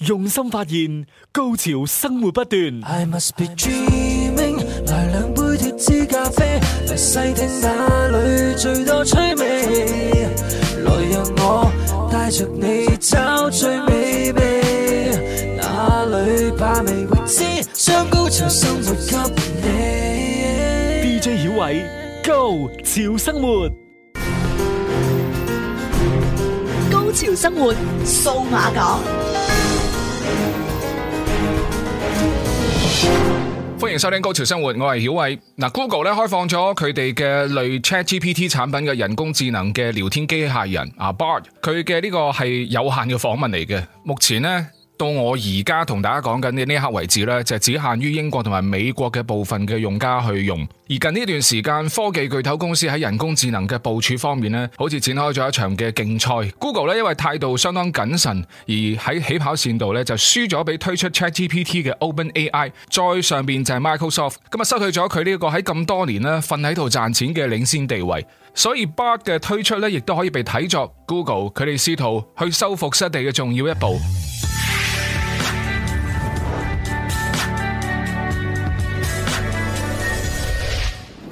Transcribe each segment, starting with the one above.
用心發現，高潮生活不斷。I must be dreaming，來兩杯脫脂咖啡，嚟細聽下裏最多趣味。來讓我帶着你找最美味，哪裏把味會知？將高潮生活給你。DJ 小偉，Go，潮生活，高潮生活數碼港。歡迎收聽《Go 潮生活》，我曉偉，我係曉偉。嗱，Google 咧，開放咗佢哋嘅類 ChatGPT 產品嘅人工智能嘅聊天機器人啊，Bard。佢嘅呢個係有限嘅訪問嚟嘅，目前呢。到我而家同大家講緊嘅呢刻為止呢，就只限於英國同埋美國嘅部分嘅用家去用。而近呢段時間，科技巨頭公司喺人工智能嘅部署方面呢，好似展開咗一場嘅競賽。Google 咧，因為態度相當謹慎，而喺起跑線度呢，就輸咗俾推出 ChatGPT 嘅 OpenAI。再上面就係 Microsoft，咁啊失去咗佢呢一個喺咁多年呢瞓喺度賺錢嘅領先地位，所以 Bard 嘅推出呢，亦都可以被睇作 Google 佢哋試圖去收復失地嘅重要一步。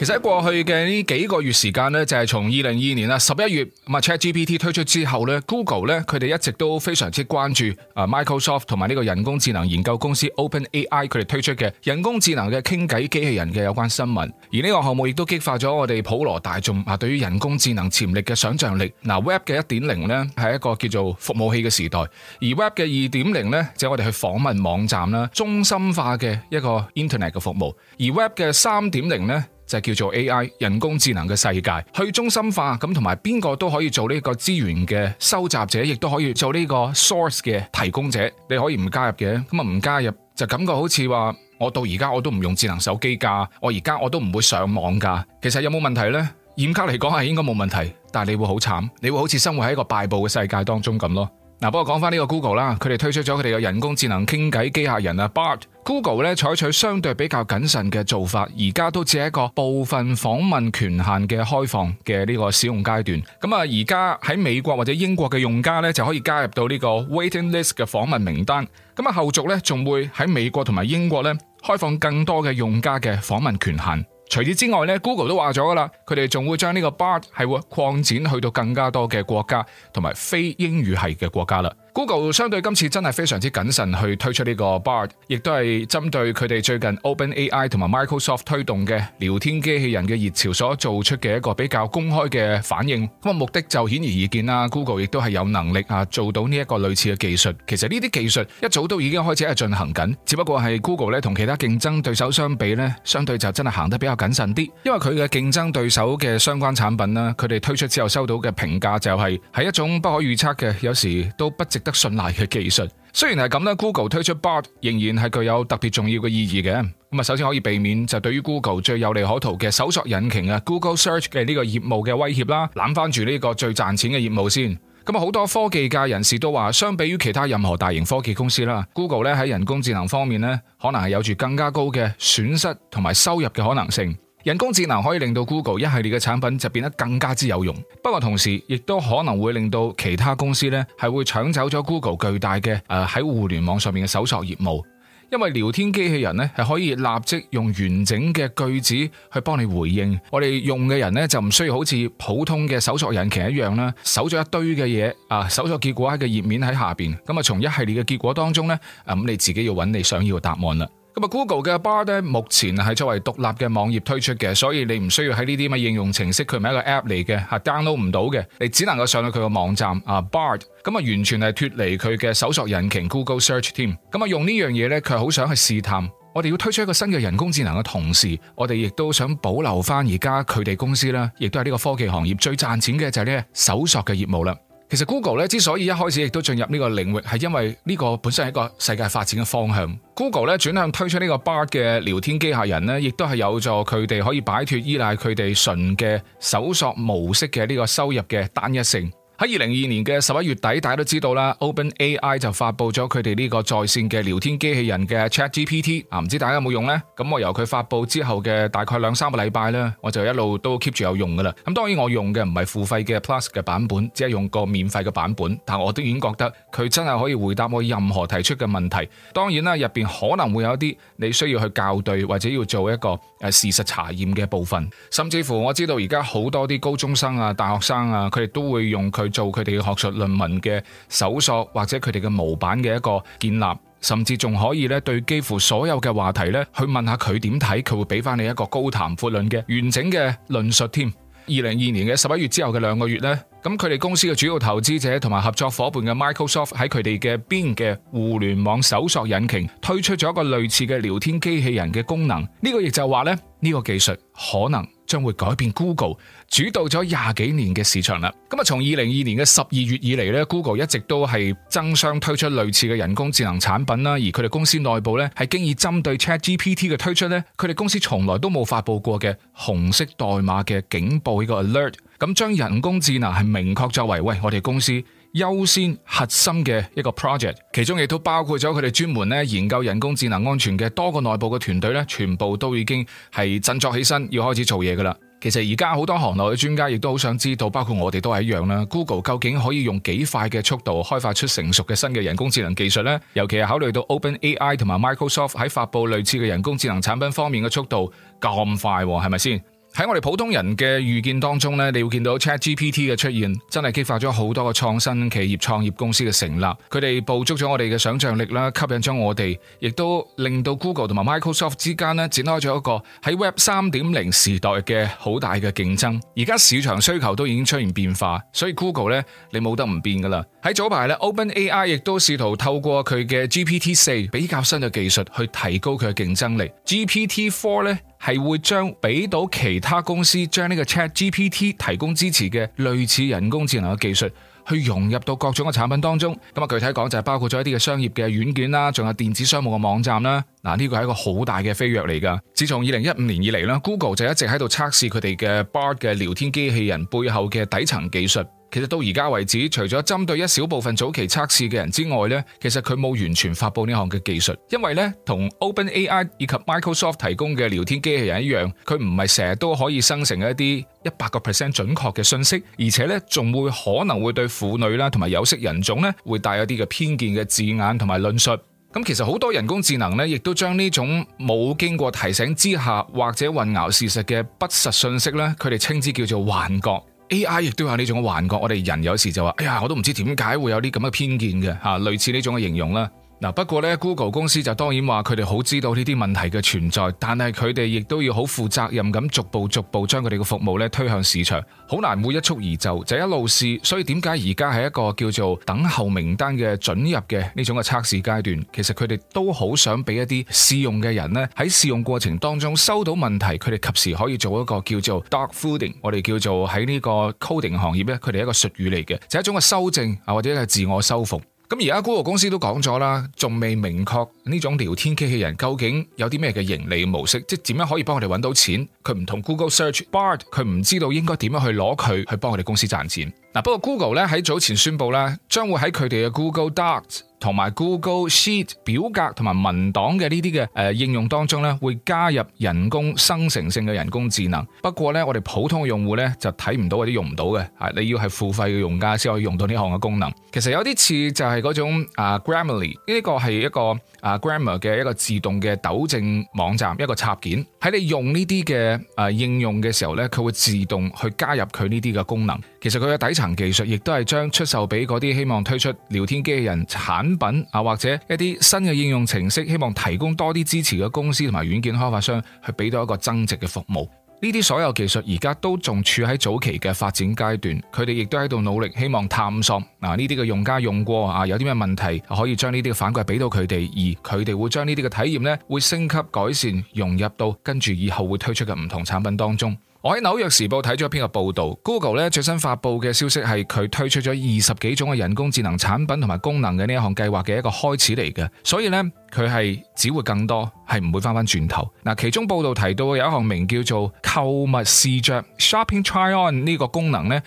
其實過去嘅呢幾個月時間呢，就係從二零二二年啊十一月，ChatGPT 推出之後呢 Google 咧佢哋一直都非常之關注啊 Microsoft 同埋呢個人工智能研究公司 OpenAI 佢哋推出嘅人工智能嘅傾偈機器人嘅有關新聞。而呢個項目亦都激發咗我哋普羅大眾啊對於人工智能潛力嘅想象力。嗱，呃，Web 嘅一點零呢係一個叫做服務器嘅時代，而 Web 嘅二點零呢就係我哋去訪問網站啦，中心化嘅一個 Internet 嘅服務，而 Web 嘅三點零呢。就叫做 AI 人工智能嘅世界去中心化咁，同埋邊個都可以做呢個資源嘅收集者，亦都可以做呢個 source 嘅提供者。你可以唔加入嘅，咁啊唔加入就感覺好似話我到而家我都唔用智能手機噶，我而家我都唔會上網噶。其實有冇問題呢？嚴格嚟講係應該冇問題，但係你會好慘，你會好似生活喺一個拜布嘅世界當中咁咯。嗱，不過講翻呢個 Google 啦，佢哋推出咗佢哋嘅人工智能傾偈機械人啊 Bard Google 咧採取相對比較謹慎嘅做法，而家都只係一個部分訪問權限嘅開放嘅呢個使用階段。咁啊，而家喺美國或者英國嘅用家咧就可以加入到呢個 waiting list 嘅訪問名單。咁啊，後續咧仲會喺美國同埋英國咧開放更多嘅用家嘅訪問權限。除此之外 Google 都話咗噶啦，佢哋仲會將呢個 Bard 係會擴展去到更加多嘅國家同埋非英語系嘅國家啦。Google 相對今次真係非常之謹慎去推出呢個 Bard，亦都係針對佢哋最近 OpenAI 同埋 Microsoft 推動嘅聊天機器人嘅熱潮所做出嘅一個比較公開嘅反應。咁啊目的就顯而易見啦。Google 亦都係有能力啊做到呢一個類似嘅技術。其實呢啲技術一早都已經開始喺度進行緊，只不過係 Google 咧同其他競爭對手相比呢，相對就真係行得比較謹慎啲。因為佢嘅競爭對手嘅相關產品啦，佢哋推出之後收到嘅評價就係、係、係一種不可預測嘅，有時都不值。得信賴嘅技術，雖然係咁咧，Google 推出 Bot 仍然係具有特別重要嘅意義嘅。咁啊，首先可以避免就對於 Google 最有利可圖嘅搜索引擎啊，Google Search 嘅呢個業務嘅威脅啦，攬翻住呢個最賺錢嘅業務先。咁啊，好多科技界人士都話，相比於其他任何大型科技公司啦，Google 咧喺人工智能方面咧，可能係有住更加高嘅損失同埋收入嘅可能性。人工智能可以令到 Google 一系列嘅產品就變得更加之有用，不過同時亦都可能會令到其他公司呢係會搶走咗 Google 巨大嘅誒喺互聯網上面嘅搜索業務，因為聊天機器人呢係可以立即用完整嘅句子去幫你回應，我哋用嘅人呢，就唔需要好似普通嘅搜索引擎一樣啦，搜咗一堆嘅嘢啊，搜索結果喺個頁面喺下邊，咁啊從一系列嘅結果當中呢，咁你自己要揾你想要嘅答案啦。咁啊，Google 嘅 Bard 目前係作為獨立嘅網頁推出嘅，所以你唔需要喺呢啲乜應用程式，佢唔係一個 App 嚟嘅，係 download 唔到嘅，你只能夠上到佢個網站啊 Bard。咁啊，完全係脫離佢嘅搜索引擎 Google Search 添。咁啊，用呢樣嘢咧，佢好想去試探。我哋要推出一個新嘅人工智能嘅同時，我哋亦都想保留翻而家佢哋公司啦，亦都係呢個科技行業最賺錢嘅就係呢搜索嘅業務啦。其實 Google 咧，之所以一開始亦都進入呢個領域，係因為呢個本身係一個世界發展嘅方向。Google 咧，轉向推出呢個 Bard 嘅聊天機械人咧，亦都係有助佢哋可以擺脫依賴佢哋純嘅搜索模式嘅呢個收入嘅單一性。喺二零二二年嘅十一月底，大家都知道啦，OpenAI 就發布咗佢哋呢個在線嘅聊天機器人嘅 ChatGPT 啊，唔知大家有冇用咧？咁我由佢發布之後嘅大概兩三個禮拜咧，我就一路都 keep 住有用噶啦。咁當然我用嘅唔係付費嘅 Plus 嘅版本，只係用個免費嘅版本，但我都已經覺得佢真係可以回答我任何提出嘅問題。當然啦，入邊可能會有一啲你需要去校對或者要做一個誒事實查驗嘅部分，甚至乎我知道而家好多啲高中生啊、大學生啊，佢哋都會用佢。去做佢哋嘅學術論文嘅搜索，或者佢哋嘅模板嘅一個建立，甚至仲可以咧，對幾乎所有嘅話題咧，去問下佢點睇，佢會俾翻你一個高談闊論嘅完整嘅論述添。二零二二年嘅十一月之後嘅兩個月咧，咁佢哋公司嘅主要投資者同埋合作夥伴嘅 Microsoft 喺佢哋嘅邊嘅互聯網搜索引擎推出咗一個類似嘅聊天機器人嘅功能，呢個亦就話咧，呢個技術可能。將會改變 Google 主導咗廿幾年嘅市場啦。咁啊，從二零二二年嘅十二月以嚟咧，Google 一直都係爭相推出類似嘅人工智能產品啦。而佢哋公司內部咧係經已針對 ChatGPT 嘅推出咧，佢哋公司從來都冇發佈過嘅紅色代碼嘅警報呢個 alert。咁將人工智能係明確作為，喂，我哋公司。優先核心嘅一個 project，其中亦都包括咗佢哋專門咧研究人工智能安全嘅多個內部嘅團隊咧，全部都已經係振作起身要開始做嘢㗎喇。其實而家好多行內嘅專家亦都好想知道，包括我哋都係一樣啦。Google 究竟可以用幾快嘅速度開發出成熟嘅新嘅人工智能技術呢？尤其係考慮到 OpenAI 同埋 Microsoft 喺發布類似嘅人工智能產品方面嘅速度咁快喎，係咪先？喺我哋普通人嘅預見當中呢，你會見到 ChatGPT 嘅出現，真係激發咗好多嘅創新企業、創業公司嘅成立。佢哋捕捉咗我哋嘅想象力啦，吸引咗我哋，亦都令到 Google 同埋 Microsoft 之間呢展開咗一個喺 Web 三點零時代嘅好大嘅競爭。而家市場需求都已經出現變化，所以 Google 呢，你冇得唔變噶啦。喺早排呢，OpenAI 亦都試圖透過佢嘅 GPT 四比較新嘅技術去提高佢嘅競爭力。GPT four 咧。係會將俾到其他公司將呢個 ChatGPT 提供支持嘅類似人工智能嘅技術，去融入到各種嘅產品當中。咁啊，具體講就係包括咗一啲嘅商業嘅軟件啦，仲有電子商務嘅網站啦。嗱，呢個係一個好大嘅飛躍嚟噶。自從二零一五年以嚟啦，Google 就一直喺度測試佢哋嘅 Bard 嘅聊天機器人背後嘅底層技術。其實到而家為止，除咗針對一小部分早期測試嘅人之外呢，其實佢冇完全發布呢項嘅技術，因為呢，同 OpenAI 以及 Microsoft 提供嘅聊天機器人一樣，佢唔係成日都可以生成一啲一百個 percent 準確嘅信息，而且呢仲會可能會對婦女啦同埋有色人種呢會帶有啲嘅偏見嘅字眼同埋論述。咁其實好多人工智能呢，亦都將呢種冇經過提醒之下或者混淆事實嘅不實信息呢，佢哋稱之叫做幻覺。A.I. 亦都有呢種幻覺，我哋人有時就話，哎呀，我都唔知點解會有啲咁嘅偏見嘅吓，類似呢種嘅形容啦。嗱，不過咧，Google 公司就當然話佢哋好知道呢啲問題嘅存在，但係佢哋亦都要好負責任咁，逐步逐步將佢哋嘅服務咧推向市場，好難會一蹴而就，就一路試。所以點解而家係一個叫做等候名單嘅准入嘅呢種嘅測試階段？其實佢哋都好想俾一啲試用嘅人呢，喺試用過程當中收到問題，佢哋及時可以做一個叫做 dog fooding，我哋叫做喺呢個 coding 行業咧，佢哋係一個術語嚟嘅，就係一種嘅修正啊，或者係自我修復。咁而家 Google 公司都講咗啦，仲未明確呢種聊天機器人究竟有啲咩嘅盈利模式，即係點樣可以幫我哋揾到錢？佢唔同 Google Search Bard，佢唔知道應該點樣去攞佢去幫我哋公司賺錢。嗱，不過 Google 咧喺早前宣布咧，將會喺佢哋嘅 Google Docs。同埋 Google Sheet 表格同埋文檔嘅呢啲嘅誒應用當中咧，會加入人工生成性嘅人工智能。不過咧，我哋普通嘅用戶咧就睇唔到或者用唔到嘅。啊，你要係付費嘅用家先可以用到呢項嘅功能。其實有啲似就係嗰種啊、uh, Grammarly 呢個係一個啊、uh, Grammar 嘅一個自動嘅糾正網站一個插件。喺你用呢啲嘅誒應用嘅時候咧，佢會自動去加入佢呢啲嘅功能。其實佢嘅底層技術亦都係將出售俾嗰啲希望推出聊天機器人產。品啊，或者一啲新嘅應用程式，希望提供多啲支持嘅公司同埋軟件開發商去俾到一個增值嘅服務。呢啲所有技術而家都仲處喺早期嘅發展階段，佢哋亦都喺度努力希望探索啊呢啲嘅用家用過啊有啲咩問題，可以將呢啲嘅反饋俾到佢哋，而佢哋會將呢啲嘅體驗呢會升級改善，融入到跟住以後會推出嘅唔同產品當中。我喺紐約時報睇咗一篇嘅報道，Google 咧最新發佈嘅消息係佢推出咗二十幾種嘅人工智能產品同埋功能嘅呢一項計劃嘅一個開始嚟嘅，所以呢，佢係只會更多，係唔會翻翻轉頭。嗱，其中報道提到有一項名叫做購物試着 s h o p p i n g try on） 呢個功能呢。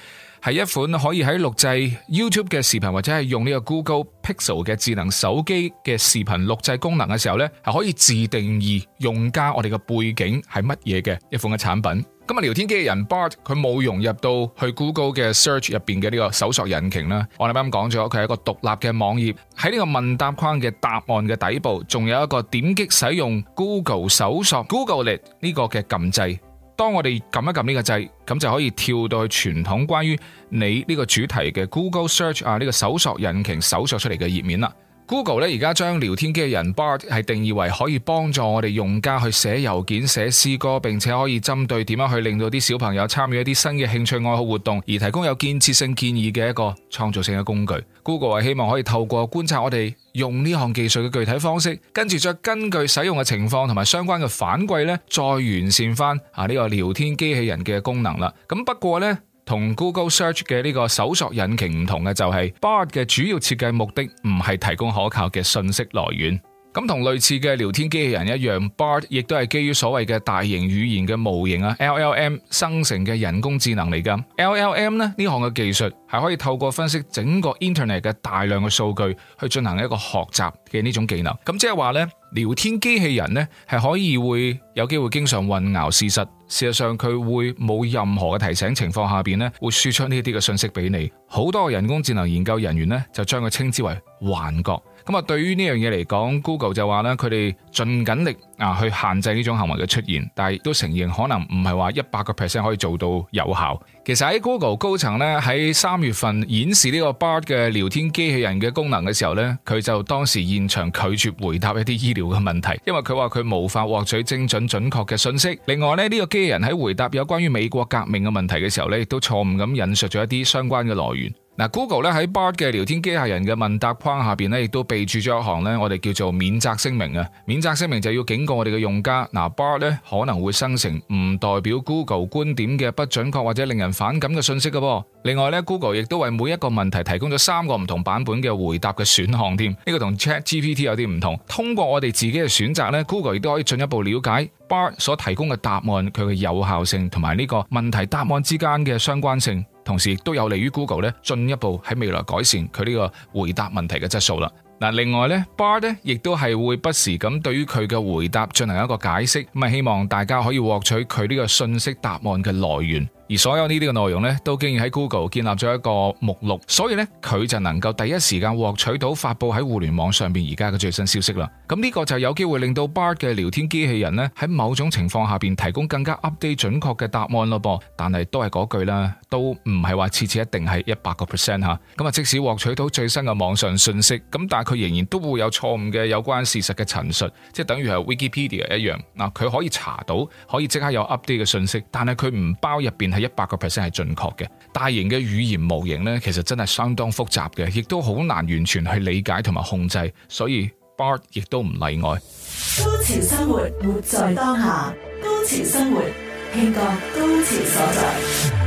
係一款可以喺錄製 YouTube 嘅視頻或者係用呢個 Google Pixel 嘅智能手機嘅視頻錄製功能嘅時候呢，係可以自定義用家我哋嘅背景係乜嘢嘅一款嘅產品。咁啊，聊天機器人 Bart 佢冇融入到去 Google 嘅 Search 入邊嘅呢個搜索引擎啦。我哋啱啱講咗，佢係一個獨立嘅網頁，喺呢個問答框嘅答案嘅底部，仲有一個點擊使用 Google 搜索 Google it 呢個嘅撳掣。當我哋撳一撳呢個掣，咁就可以跳到去傳統關於你呢個主題嘅 Google Search 啊，呢個搜索引擎搜索出嚟嘅頁面啦。Google 咧而家將聊天機器人 Bard 係定義為可以幫助我哋用家去寫郵件、寫詩歌，並且可以針對點樣去令到啲小朋友參與一啲新嘅興趣愛好活動，而提供有建設性建議嘅一個創造性嘅工具。Google 係希望可以透過觀察我哋用呢項技術嘅具體方式，跟住再根據使用嘅情況同埋相關嘅反饋咧，再完善翻啊呢個聊天機器人嘅功能啦。咁不過咧。同 Google Search 嘅呢個搜索引擎唔同嘅就係 Bard 嘅主要設計目的唔係提供可靠嘅信息來源。咁同類似嘅聊天機器人一樣，Bard 亦都係基於所謂嘅大型語言嘅模型啊 （LLM） 生成嘅人工智能嚟㗎。LLM 呢呢項嘅技術係可以透過分析整個 Internet 嘅大量嘅數據去進行一個學習嘅呢種技能。咁即係話呢。聊天機器人呢，係可以會有機會經常混淆事實，事實上佢會冇任何嘅提醒情況下邊呢，會輸出呢啲嘅信息俾你。好多人工智能研究人員呢，就將佢稱之為幻覺。咁啊，對於呢樣嘢嚟講，Google 就話咧，佢哋盡緊力啊去限制呢種行為嘅出現，但係都承認可能唔係話一百個 percent 可以做到有效。其實喺 Google 高層咧，喺三月份演示呢個 Bard 嘅聊天機器人嘅功能嘅時候咧，佢就當時現場拒絕回答一啲醫療嘅問題，因為佢話佢無法獲取精準準確嘅信息。另外咧，呢、這個機器人喺回答有關於美國革命嘅問題嘅時候咧，亦都錯誤咁引述咗一啲相關嘅來源。嗱，Google 咧喺 Bard 嘅聊天機械人嘅問答框下邊咧，亦都備注咗一行咧，我哋叫做免責聲明啊。免責聲明就要警告我哋嘅用家，嗱，Bard 咧可能會生成唔代表 Google 觀點嘅不準確或者令人反感嘅信息噶噃。另外咧，Google 亦都為每一個問題提供咗三個唔同版本嘅回答嘅選項添。呢、呢個同 Chat GPT 有啲唔同。通過我哋自己嘅選擇咧，Google 亦都可以進一步了解 Bard 所提供嘅答案佢嘅有效性同埋呢個問題答案之間嘅相關性。同時亦都有利於 Google 咧，進一步喺未來改善佢呢個回答問題嘅質素啦。嗱，另外咧，Bard 咧亦都係會不時咁對於佢嘅回答進行一個解釋，咁咪希望大家可以獲取佢呢個信息答案嘅來源。而所有呢啲嘅內容咧，都竟然喺 Google 建立咗一個目錄，所以咧佢就能夠第一時間獲取到發布喺互聯網上邊而家嘅最新消息啦。咁呢個就有機會令到 Bard 嘅聊天機器人咧喺某種情況下邊提供更加 update 準確嘅答案咯噃。但係都係嗰句啦，都唔係話次次一定係一百個 percent 吓，咁啊，即使獲取到最新嘅網上信息，咁但係佢仍然都會有錯誤嘅有關事實嘅陳述，即係等於係 Wikipedia 一樣，嗱，佢可以查到，可以即刻有 update 嘅信息，但係佢唔包入邊。係一百個 percent 係準確嘅，大型嘅語言模型呢，其實真係相當複雜嘅，亦都好難完全去理解同埋控制，所以 Bard 亦都唔例外。Go 潮生活，活在當下；Go 潮生活，慶個 Go 潮所在。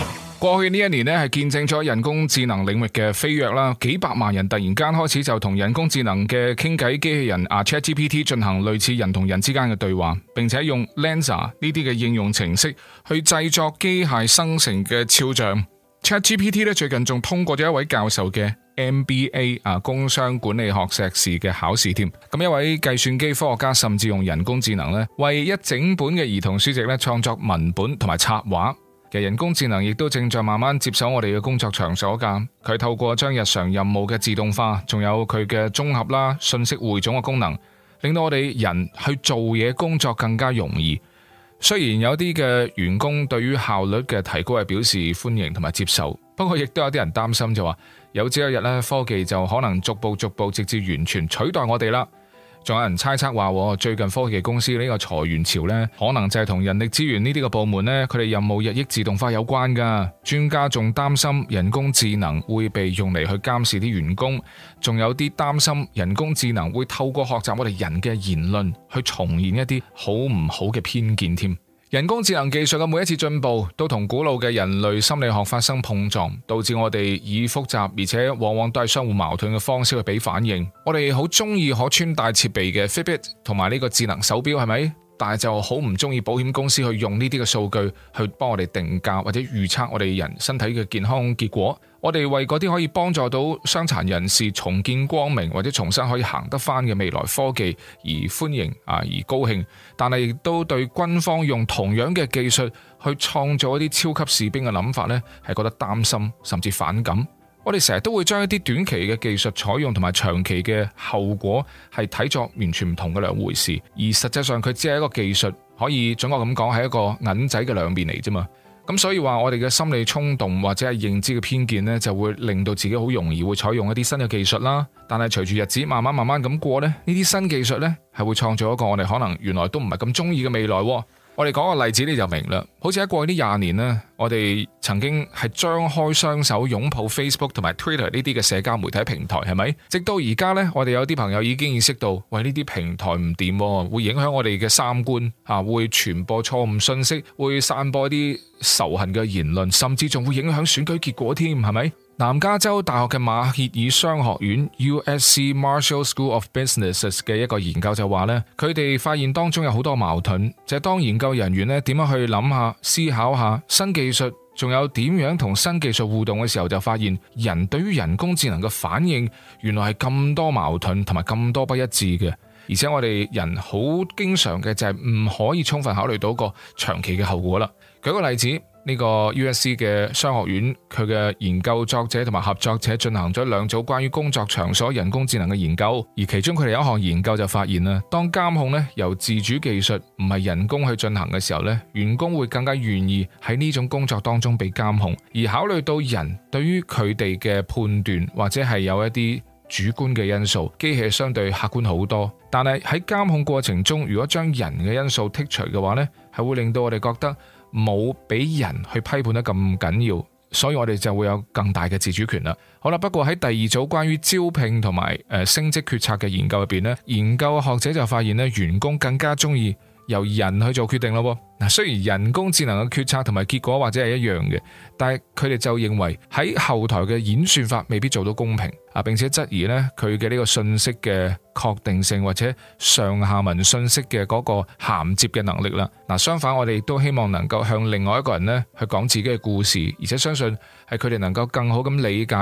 過去呢一年咧，係見證咗人工智能領域嘅飛躍啦。幾百萬人突然間開始就同人工智能嘅傾偈機器人啊 ChatGPT 進行類似人同人之間嘅對話，並且用 Lensa 呢啲嘅應用程式去製作機械生成嘅肖像。ChatGPT 咧，最近仲通過咗一位教授嘅 MBA 啊，工商管理學碩士嘅考試添。咁一位計算機科學家甚至用人工智能咧，為一整本嘅兒童書籍咧創作文本同埋插畫。嘅人工智能亦都正在慢慢接手我哋嘅工作場所噶。佢透過將日常任務嘅自動化，仲有佢嘅綜合啦、信息匯總嘅功能，令到我哋人去做嘢工作更加容易。雖然有啲嘅員工對於效率嘅提高係表示歡迎同埋接受，不過亦都有啲人擔心就話有朝一日咧，科技就可能逐步逐步直至完全取代我哋啦。仲有人猜測話，最近科技公司呢個裁員潮呢，可能就係同人力資源呢啲個部門呢，佢哋任務日益自動化有關噶。專家仲擔心人工智能會被用嚟去監視啲員工，仲有啲擔心人工智能會透過學習我哋人嘅言論去重現一啲好唔好嘅偏見添。人工智能技術嘅每一次進步，都同古老嘅人類心理學發生碰撞，導致我哋以複雜而且往往都係相互矛盾嘅方式去俾反應。我哋好中意可穿戴設備嘅 Fitbit 同埋呢個智能手錶，係咪？但係就好唔中意保險公司去用呢啲嘅數據去幫我哋定價，或者預測我哋人身體嘅健康結果。我哋為嗰啲可以幫助到傷殘人士重見光明或者重新可以行得翻嘅未來科技而歡迎啊，而高興，但係亦都對軍方用同樣嘅技術去創造一啲超級士兵嘅諗法呢，係覺得擔心甚至反感。我哋成日都會將一啲短期嘅技術採用同埋長期嘅後果係睇作完全唔同嘅兩回事，而實際上佢只係一個技術，可以準確咁講，係一個銀仔嘅兩面嚟啫嘛。咁所以話我哋嘅心理衝動或者係認知嘅偏見呢，就會令到自己好容易會採用一啲新嘅技術啦。但係隨住日子慢慢慢慢咁過呢，呢啲新技術呢，係會創造一個我哋可能原來都唔係咁中意嘅未來。我哋講個例子你就明啦，好似喺過去呢廿年呢，我哋曾經係張開雙手擁抱 Facebook 同埋 Twitter 呢啲嘅社交媒體平台，係咪？直到而家呢，我哋有啲朋友已經意識到，喂呢啲平台唔掂，會影響我哋嘅三觀，吓會傳播錯誤信息，會散播啲仇恨嘅言論，甚至仲會影響選舉結果添，係咪？南加州大學嘅馬歇爾商學院 （USC Marshall School of Business） 嘅一個研究就話咧，佢哋發現當中有好多矛盾。就係當研究人員咧點樣去諗下、思考下新技術，仲有點樣同新技術互動嘅時候，就發現人對於人工智能嘅反應，原來係咁多矛盾同埋咁多不一致嘅。而且我哋人好經常嘅就係唔可以充分考慮到個長期嘅後果啦。舉個例子。呢個 USC 嘅商學院，佢嘅研究作者同埋合作者進行咗兩組關於工作場所人工智能嘅研究，而其中佢哋有一項研究就發現啦，當監控咧由自主技術唔係人工去進行嘅時候咧，員工會更加願意喺呢種工作當中被監控。而考慮到人對於佢哋嘅判斷或者係有一啲主觀嘅因素，機器相對客觀好多。但係喺監控過程中，如果將人嘅因素剔除嘅話呢係會令到我哋覺得。冇俾人去批判得咁緊要，所以我哋就會有更大嘅自主權啦。好啦，不過喺第二組關於招聘同埋誒升職決策嘅研究入邊咧，研究學者就發現咧，員工更加中意由人去做決定咯，嗱，雖然人工智能嘅決策同埋結果或者係一樣嘅，但係佢哋就認為喺後台嘅演算法未必做到公平啊，並且質疑咧佢嘅呢個信息嘅確定性或者上下文信息嘅嗰個銜接嘅能力啦。嗱，相反，我哋亦都希望能夠向另外一個人咧去講自己嘅故事，而且相信係佢哋能夠更好咁理解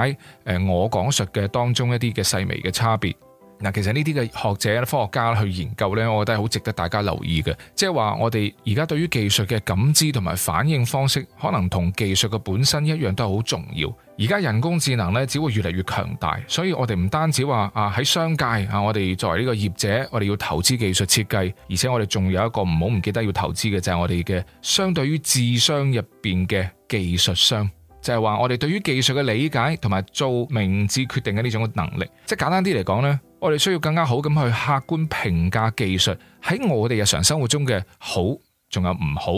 誒我講述嘅當中一啲嘅細微嘅差別。嗱，其實呢啲嘅學者、科學家去研究呢，我覺得係好值得大家留意嘅。即係話，我哋而家對於技術嘅感知同埋反應方式，可能同技術嘅本身一樣都係好重要。而家人工智能呢，只會越嚟越強大，所以我哋唔單止話啊喺商界啊，我哋作為呢個業者，我哋要投資技術設計，而且我哋仲有一個唔好唔記得要投資嘅，就係我哋嘅相對於智商入邊嘅技術商，就係話我哋對於技術嘅理解同埋做明智決定嘅呢種能力。即係簡單啲嚟講咧。我哋需要更加好咁去客觀評價技術喺我哋日常生活中嘅好，仲有唔好。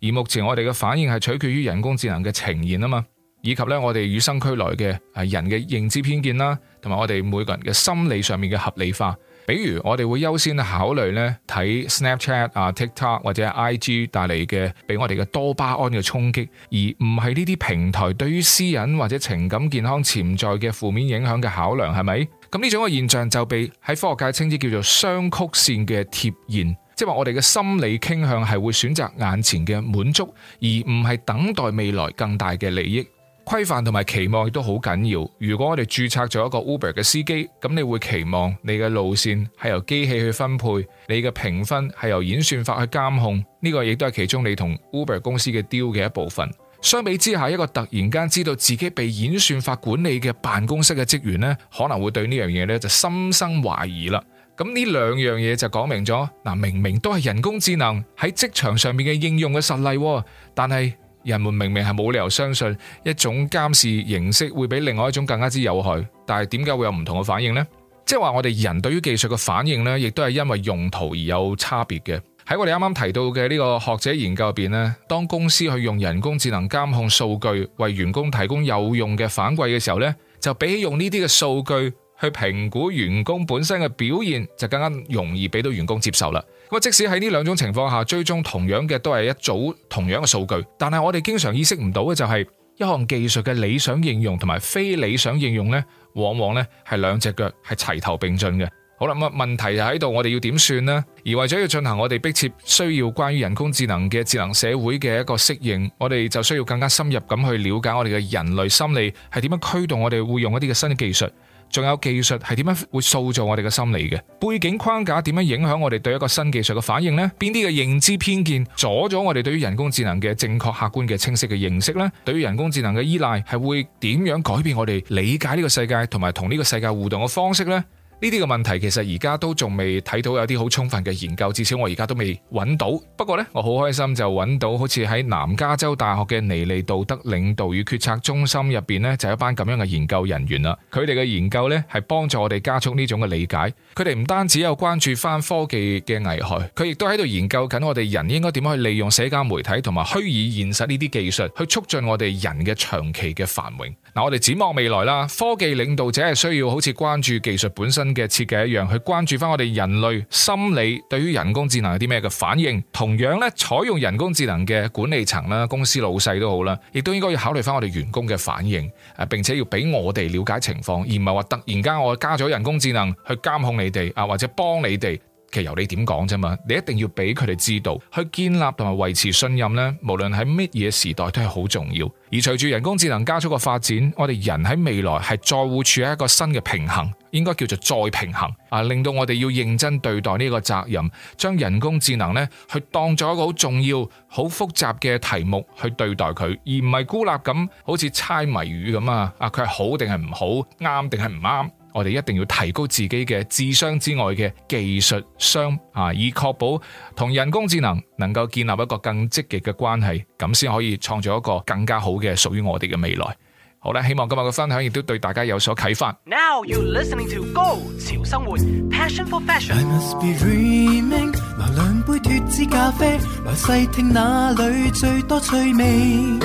而目前我哋嘅反應係取決於人工智能嘅呈現啊嘛，以及咧我哋與生俱來嘅啊人嘅認知偏見啦，同埋我哋每個人嘅心理上面嘅合理化。比如我哋會優先考慮咧睇 Snapchat 啊、TikTok 或者 IG 帶嚟嘅俾我哋嘅多巴胺嘅衝擊，而唔係呢啲平台對於私隱或者情感健康潛在嘅負面影響嘅考量，係咪？咁呢種嘅現象就被喺科學界稱之叫做雙曲線嘅貼現，即係話我哋嘅心理傾向係會選擇眼前嘅滿足，而唔係等待未來更大嘅利益。規範同埋期望亦都好緊要。如果我哋註冊咗一個 Uber 嘅司機，咁你會期望你嘅路線係由機器去分配，你嘅評分係由演算法去監控，呢個亦都係其中你同 Uber 公司嘅 deal 嘅一部分。相比之下，一個突然間知道自己被演算法管理嘅辦公室嘅職員咧，可能會對呢樣嘢咧就心生懷疑啦。咁呢兩樣嘢就講明咗，嗱，明明都係人工智能喺職場上面嘅應用嘅實例，但係人們明明係冇理由相信一種監視形式會比另外一種更加之有害，但係點解會有唔同嘅反應呢？即係話我哋人對於技術嘅反應呢，亦都係因為用途而有差別嘅。喺我哋啱啱提到嘅呢個學者研究入邊咧，當公司去用人工智能監控數據為員工提供有用嘅反饋嘅時候咧，就比起用呢啲嘅數據去評估員工本身嘅表現就更加容易俾到員工接受啦。咁啊，即使喺呢兩種情況下追蹤同樣嘅都係一組同樣嘅數據，但係我哋經常意識唔到嘅就係一項技術嘅理想應用同埋非理想應用咧，往往咧係兩隻腳係齊頭並進嘅。好啦，咁問題就喺度，我哋要點算呢？而為咗要進行我哋迫切需要關於人工智能嘅智能社會嘅一個適應，我哋就需要更加深入咁去了解我哋嘅人類心理係點樣驅動我哋會用一啲嘅新技術，仲有技術係點樣會塑造我哋嘅心理嘅背景框架，點樣影響我哋對一個新技術嘅反應呢？邊啲嘅認知偏見阻咗我哋對於人工智能嘅正確客觀嘅清晰嘅認識呢？對於人工智能嘅依賴係會點樣改變我哋理解呢個世界同埋同呢個世界互動嘅方式呢？呢啲嘅問題，其實而家都仲未睇到有啲好充分嘅研究，至少我而家都未揾到。不過咧，我好開心就揾到好似喺南加州大學嘅尼利道德領導與決策中心入邊咧，就是、一班咁樣嘅研究人員啦。佢哋嘅研究咧，係幫助我哋加速呢種嘅理解。佢哋唔單止有關注翻科技嘅危害，佢亦都喺度研究緊我哋人應該點樣去利用社交媒體同埋虛擬現實呢啲技術去促進我哋人嘅長期嘅繁榮。我哋展望未來啦，科技領導者係需要好似關注技術本身嘅設計一樣，去關注翻我哋人類心理對於人工智能有啲咩嘅反應。同樣咧，採用人工智能嘅管理層啦、公司老細都好啦，亦都應該要考慮翻我哋員工嘅反應，並且要俾我哋了解情況，而唔係話突然間我加咗人工智能去監控你哋啊，或者幫你哋。其實由你點講啫嘛，你一定要俾佢哋知道，去建立同埋維持信任咧，無論喺乜嘢時代都係好重要。而隨住人工智能加速嘅發展，我哋人喺未來係再會處喺一個新嘅平衡，應該叫做再平衡啊，令到我哋要認真對待呢個責任，將人工智能咧去當作一個好重要、好複雜嘅題目去對待佢，而唔係孤立咁，好似猜謎語咁啊！啊，佢係好定係唔好，啱定係唔啱？我哋一定要提高自己嘅智商之外嘅技術商啊，以確保同人工智能能夠建立一個更積極嘅關係，咁先可以創造一個更加好嘅屬於我哋嘅未來。好啦，希望今日嘅分享亦都對大家有所啟發。Now you listening to Go 潮生活 Passion for Fashion。I must be dreaming。來兩杯脱脂咖啡，來細聽哪裏最多趣味，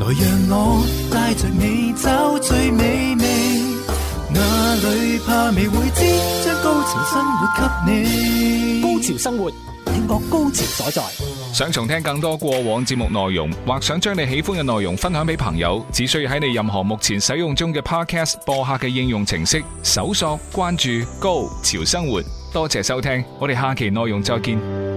來讓我帶着你找最美味。最怕未會知，將 Go 潮生活給你。Go 潮生活，聽我高潮所在。想重聽更多過往節目內容，或想將你喜歡嘅內容分享俾朋友，只需要喺你任何目前使用中嘅 Podcast 播客嘅應用程式搜索、關注 “Go 潮生活”。多謝收聽，我哋下期內容再見。